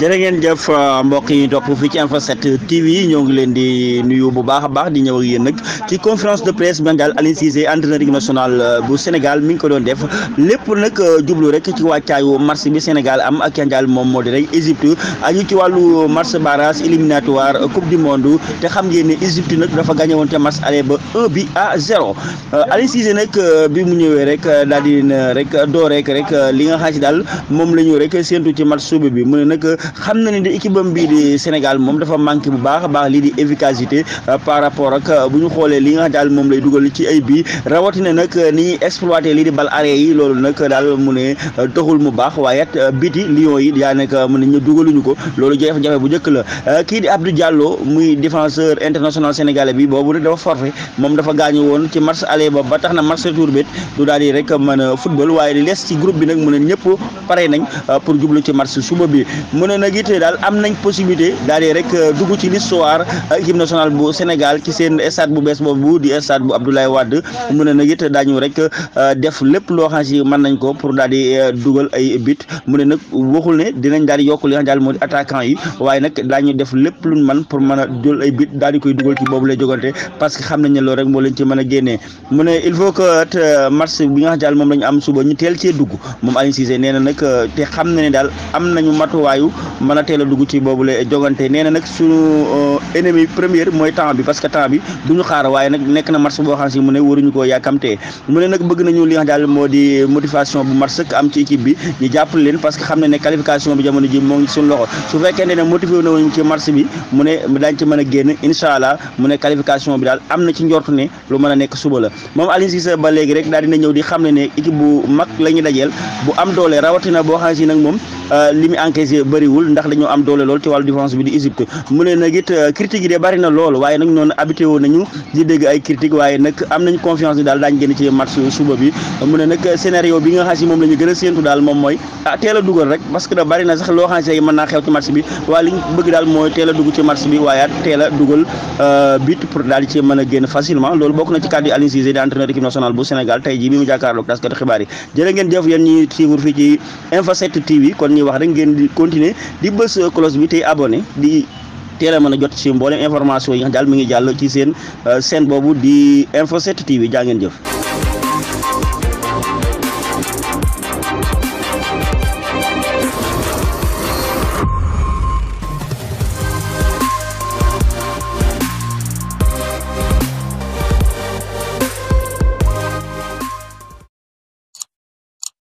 jërë ngeen jëf euh, mbokk yi topp fii ci Info 7 TV ñoo ngi leen di nuyu bu baax a baax di ñëw ak yéen nag ci conférence de presse bi daal Aliou Cissé entraîneur équipe nationale euh, bu Sénégal mi ngi ko doon def lépp nag euh, jublu rek ci wàccaayu match bi Sénégal am ak yandaal moom moo di rek Égypte aju ci wàllu match barrage éliminatoire coupe du monde te xam ngeen ne Égypte nag dafa gagné woon te match aller ba 1 bi à 0 Aliou Cissé nag bi mu ñëwee rek daal di rek doo rek rek li nga xam ci daal moom la ñu rek séentu ci match suba bi mu ne nag. xam na ni de équipe am bii di Sénégal moom dafa manqué bu baax baax lii di efficacité euh, par rapport ak euh, bu ñu xoolee li nga daal moom lay dugal ci ay bii rawatina nag euh, ni ñuy exploité lii di bal arrêt yi loolu nag daal mu ne taxul mu baax waaye biti Lions yi daanaka mu ne ñu dugaluñu ko loolu jafe-jafe bu njëkk la kii di Abdou Diallo muy défenseur international sénégalais bi boobu nag dafa forfait moom dafa gaañu woon ci match aller ba ba tax na match retour bi du daal di rek mën a football waaye li ci groupe bi nag mu ne ñëpp pare nañ pour jublu ci match suba bi ne nag it daal am nañ possibilité daal rek euh, dugg ci l'histoire équipe euh, nationale bu Sénégal ci seen stade bu bees boobu di stade bu Abdoulaye Wade mu ne nag it daañu rek euh, def lépp loo xam mën nañ ko pour daal di dugal ay bit mu ne nag waxul ne dinañ daal di yokk li nga xam daal moo di attaquant yi waaye nag daañu def lépp luñ man pour mën a jël ay bit daal di koy dugal ci boobu lay jogante parce que xam nañ ne loolu rek moo leen ci mën a génnee mu ne il faut que match bi nga xam daal moom la ñu am suba ñu teel cee dugg moom Aliou Cissé nag te xam na ne daal am nañu matuwaayu mën a teel dugg ci boobu la jogante nee nag suñu euh, ennemi première mooy temps bi parce que temps bi duñu xaar waaye nag nekk na match boo xam si ne waruñu koo yàkkamtee mu ne nag bëgg nañu li nga daal moo di motivation bi ñu jàppale leen parce que xam ne na wuñu ci match bi mu ne daañ ci mën a génn incha mu ne qualification bi daal am na ci njortu ne lu mën a nekk suba la moom Aliou Cissé ba léegi rek daal dina ñëw di xam ne ne équipe bu mag bu am doole rawatina boo xam si nag moom euh, bëriwul ndax dañoo am doole lool ci wàllu défense bi di Égypte mu ne nag euh, critique yi de bëri lool waaye nag noonu habité nañu di dégg ay critique waaye nag am nañ confiance ni daal daañ génn ci match suba bi mu ne nag euh, scénario bi nga xam si moom la ñu gën daal moom mooy ah teel dugal rek parce que da sax loo xam si mën naa xew ci match bi waaye li bëgg daal mooy teel dugg ci match bi waaye teel a dugal euh, but pour daal ci mën a di bës euh, cloche bi tey abone di teel a mën a jot ci mboolem information yi nga xam daal mi ngi jàll ci seen euh, seen boobu di Info 7 TV jaa ngeen jëf.